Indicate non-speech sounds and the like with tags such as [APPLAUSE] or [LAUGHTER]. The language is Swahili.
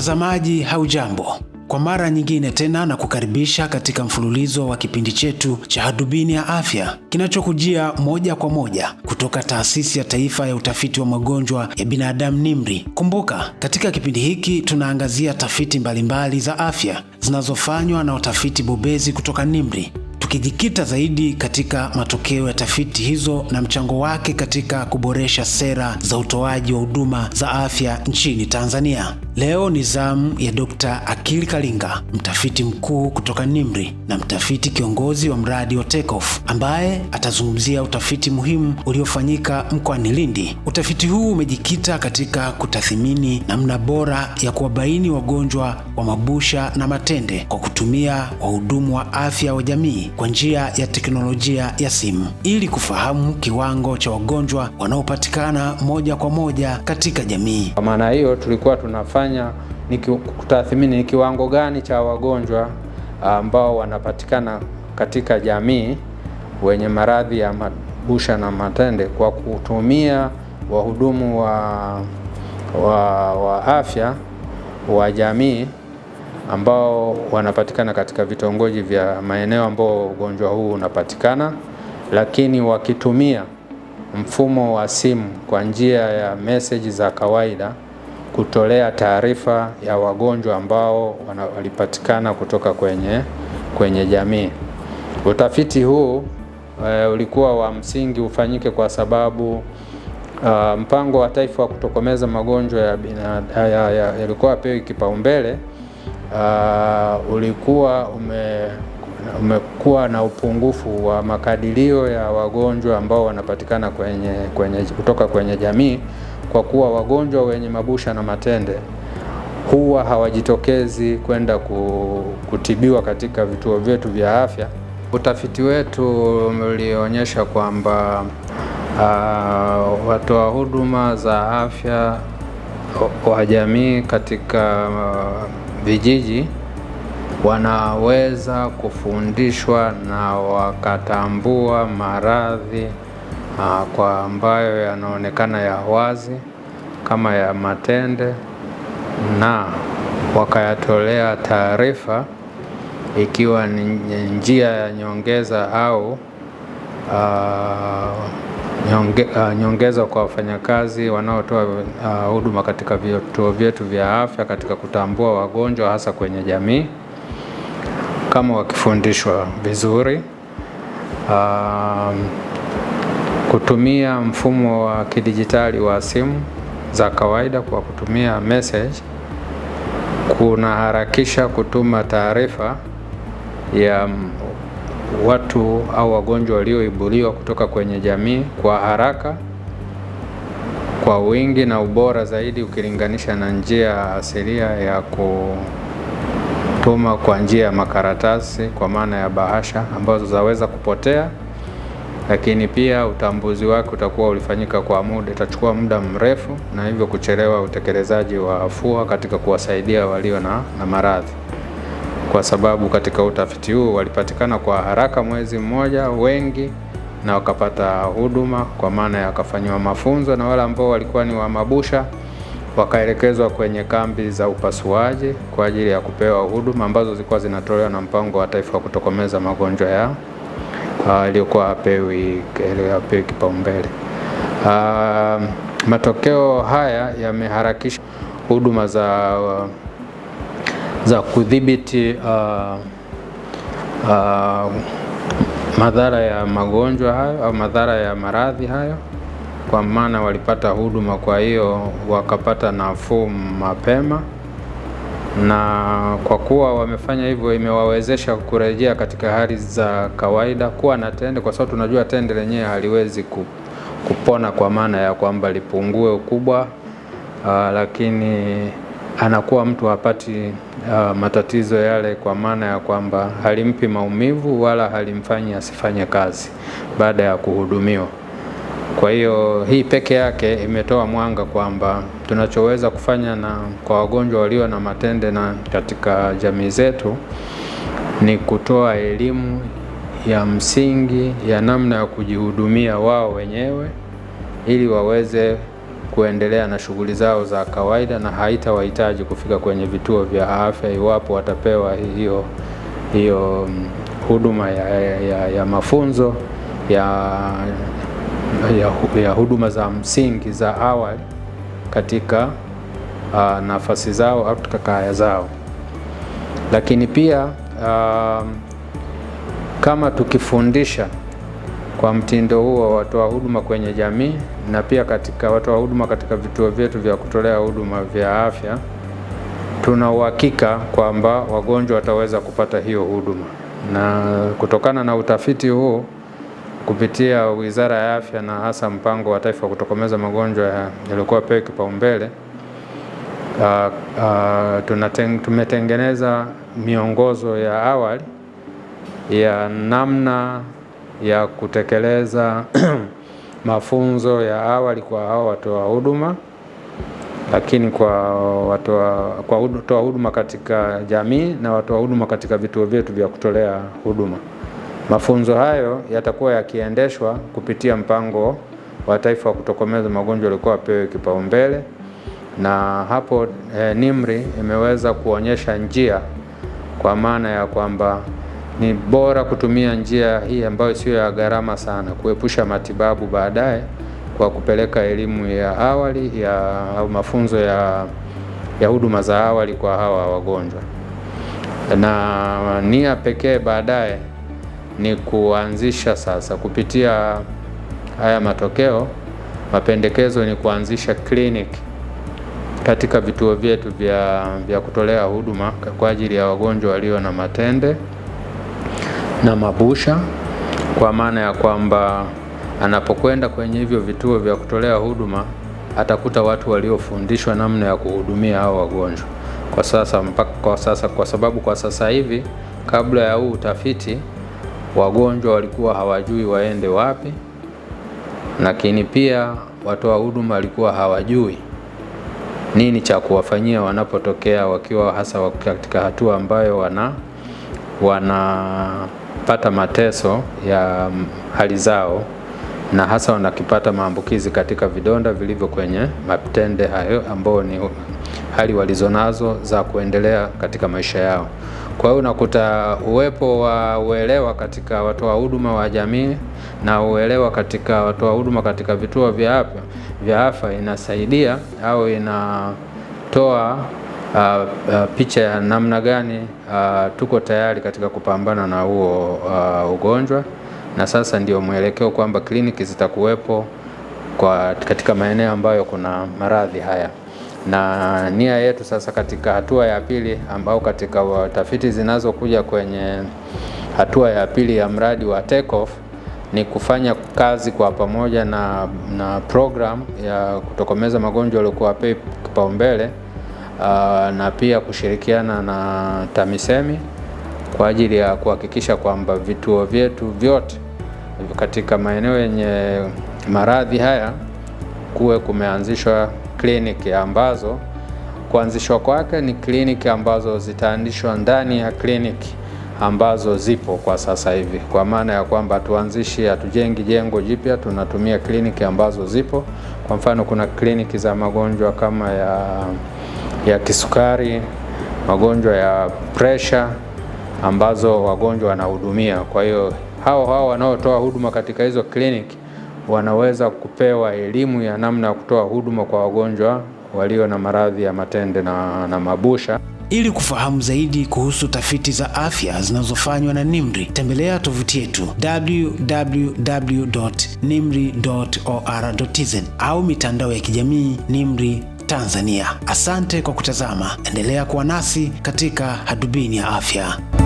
Mtazamaji haujambo, kwa mara nyingine tena na kukaribisha katika mfululizo wa kipindi chetu cha Hadubini ya Afya kinachokujia moja kwa moja kutoka Taasisi ya Taifa ya Utafiti wa Magonjwa ya Binadamu NIMRI. Kumbuka, katika kipindi hiki tunaangazia tafiti mbalimbali za afya zinazofanywa na watafiti bobezi kutoka NIMRI tukijikita zaidi katika matokeo ya tafiti hizo na mchango wake katika kuboresha sera za utoaji wa huduma za afya nchini Tanzania. Leo ni zamu ya Dkt. Akili Kalinga, mtafiti mkuu kutoka nimri na mtafiti kiongozi wa mradi wa TAkeOff ambaye atazungumzia utafiti muhimu uliofanyika mkoani Lindi. Utafiti huu umejikita katika kutathimini namna bora ya kuwabaini wagonjwa wa mabusha na matende kwa kutumia wahudumu wa afya wa jamii kwa njia ya teknolojia ya simu ili kufahamu kiwango cha wagonjwa wanaopatikana moja kwa moja katika jamii. Kwa maana hiyo, tulikuwa tunafanya kutathmini ni kiwango gani cha wagonjwa ambao wanapatikana katika jamii wenye maradhi ya mabusha na matende kwa kutumia wahudumu wa, wa, wa afya wa jamii ambao wanapatikana katika vitongoji vya maeneo ambao ugonjwa huu unapatikana, lakini wakitumia mfumo wa simu kwa njia ya meseji za kawaida kutolea taarifa ya wagonjwa ambao walipatikana kutoka kwenye, kwenye jamii. Utafiti huu e, ulikuwa wa msingi ufanyike kwa sababu Uh, mpango wa taifa wa kutokomeza magonjwa yalikuwa ya, ya, ya, ya, ya apewi kipaumbele uh, ulikuwa ume, umekuwa na upungufu wa makadirio ya wagonjwa ambao wanapatikana kwenye, kwenye, kutoka kwenye jamii kwa kuwa wagonjwa wenye mabusha na matende huwa hawajitokezi kwenda kutibiwa katika vituo vyetu vya afya. Utafiti wetu ulionyesha kwamba uh, watoa huduma za afya wa jamii katika uh, vijiji wanaweza kufundishwa na wakatambua maradhi ah, kwa ambayo yanaonekana ya wazi kama ya matende na wakayatolea taarifa ikiwa ni njia ya nyongeza au uh, nyonge, uh, nyongeza kwa wafanyakazi wanaotoa uh, huduma uh, katika vituo vyetu vya afya katika kutambua wagonjwa hasa kwenye jamii kama wakifundishwa vizuri uh, kutumia mfumo wa kidijitali wa simu za kawaida kwa kutumia message kunaharakisha kutuma taarifa ya watu au wagonjwa walioibuliwa kutoka kwenye jamii kwa haraka, kwa wingi na ubora zaidi ukilinganisha na njia asilia ya kutuma kwa njia ya makaratasi kwa maana ya bahasha ambazo zaweza kupotea, lakini pia utambuzi wake utakuwa ulifanyika kwa muda, itachukua muda mrefu na hivyo kuchelewa utekelezaji wa afua katika kuwasaidia walio na, na maradhi kwa sababu katika utafiti huu walipatikana kwa haraka mwezi mmoja wengi na wakapata huduma, kwa maana ya wakafanyiwa mafunzo, na wale ambao walikuwa ni wa mabusha wakaelekezwa kwenye kambi za upasuaji kwa ajili ya kupewa huduma ambazo zilikuwa zinatolewa na mpango wa taifa wa kutokomeza magonjwa ya ah, aliyokuwa uh, apewi, eh, kipaumbele. Ah, matokeo haya yameharakisha huduma za uh, za kudhibiti uh, uh, madhara ya magonjwa hayo au madhara ya maradhi hayo, kwa maana walipata huduma, kwa hiyo wakapata nafuu mapema, na kwa kuwa wamefanya hivyo, imewawezesha kurejea katika hali za kawaida, kuwa na tende, kwa sababu tunajua tende lenyewe haliwezi kupona, kwa maana ya kwamba lipungue ukubwa, uh, lakini anakuwa mtu hapati uh, matatizo yale, kwa maana ya kwamba halimpi maumivu wala halimfanyi asifanye kazi baada ya kuhudumiwa. Kwa hiyo hii peke yake imetoa mwanga kwamba tunachoweza kufanya na kwa wagonjwa walio na matende na katika jamii zetu ni kutoa elimu ya msingi ya namna ya kujihudumia wao wenyewe ili waweze kuendelea na shughuli zao za kawaida na haitawahitaji kufika kwenye vituo vya afya iwapo watapewa hiyo hiyo mm, huduma ya, ya, ya mafunzo ya, ya, ya huduma za msingi za awali katika uh, nafasi zao au katika kaya zao. Lakini pia uh, kama tukifundisha kwa mtindo huo watoa huduma kwenye jamii na pia katika watu wa huduma katika vituo vyetu vya kutolea huduma vya afya, tuna uhakika kwamba wagonjwa wataweza kupata hiyo huduma, na kutokana na utafiti huu kupitia Wizara ya Afya na hasa mpango wa taifa wa kutokomeza magonjwa yaliyokuwa pewa kipaumbele, tumetengeneza miongozo ya awali ya namna ya kutekeleza [CLEARS THROAT] mafunzo ya awali kwa hao watoa huduma, lakini kwa watoa kwa kutoa huduma katika jamii na watoa huduma katika vituo vyetu vya kutolea huduma. Mafunzo hayo yatakuwa yakiendeshwa kupitia mpango wa taifa wa kutokomeza magonjwa yaliokuwa apewe kipaumbele, na hapo eh, NIMR imeweza kuonyesha njia kwa maana ya kwamba ni bora kutumia njia hii ambayo sio ya gharama sana, kuepusha matibabu baadaye kwa kupeleka elimu ya awali ya au mafunzo ya ya huduma za awali kwa hawa wagonjwa, na nia pekee baadaye ni kuanzisha sasa, kupitia haya matokeo, mapendekezo ni kuanzisha kliniki katika vituo vyetu vya, vya kutolea huduma kwa ajili ya wagonjwa walio na matende na mabusha, kwa maana ya kwamba anapokwenda kwenye hivyo vituo vya kutolea huduma atakuta watu waliofundishwa namna ya kuhudumia hao wagonjwa kwa sasa, mpaka kwa sasa, kwa sababu kwa sasa hivi kabla ya huu utafiti wagonjwa walikuwa hawajui waende wapi, lakini pia watoa huduma walikuwa hawajui nini cha kuwafanyia wanapotokea wakiwa hasa katika hatua ambayo wana wana wanapata mateso ya mm, hali zao na hasa wanakipata maambukizi katika vidonda vilivyo kwenye matende hayo ambao ni hali walizonazo za kuendelea katika maisha yao. Kwa hiyo unakuta uwepo wa uelewa katika watoa huduma wa jamii na uelewa katika watoa huduma katika vituo vya afya inasaidia au inatoa uh, uh, picha ya namna gani uh, tuko tayari katika kupambana na huo uh, ugonjwa, na sasa ndio mwelekeo kwamba kliniki zitakuwepo kwa katika maeneo ambayo kuna maradhi haya, na nia yetu sasa katika hatua ya pili ambao katika tafiti zinazokuja kwenye hatua ya pili ya mradi wa take off ni kufanya kazi kwa pamoja na, na program ya kutokomeza magonjwa yaliokuwa pe kipaumbele uh, na pia kushirikiana na TAMISEMI kwa ajili ya kuhakikisha kwamba vituo vyetu vyote katika maeneo yenye maradhi haya kuwe kumeanzishwa kliniki ambazo kuanzishwa kwake ni kliniki ambazo zitaandishwa ndani ya kliniki ambazo zipo kwa sasa hivi, kwa maana ya kwamba tuanzishi, hatujengi jengo jipya, tunatumia kliniki ambazo zipo. Kwa mfano, kuna kliniki za magonjwa kama ya ya kisukari, magonjwa ya presha ambazo wagonjwa wanahudumia. Kwa hiyo hao hao wanaotoa huduma katika hizo kliniki wanaweza kupewa elimu ya namna ya kutoa huduma kwa wagonjwa walio na maradhi ya matende na, na mabusha. Ili kufahamu zaidi kuhusu tafiti za afya zinazofanywa na nimri tembelea tovuti yetu www.nimri.or.tz au mitandao ya kijamii NIMRI Tanzania. Asante kwa kutazama, endelea kuwa nasi katika Hadubini ya Afya.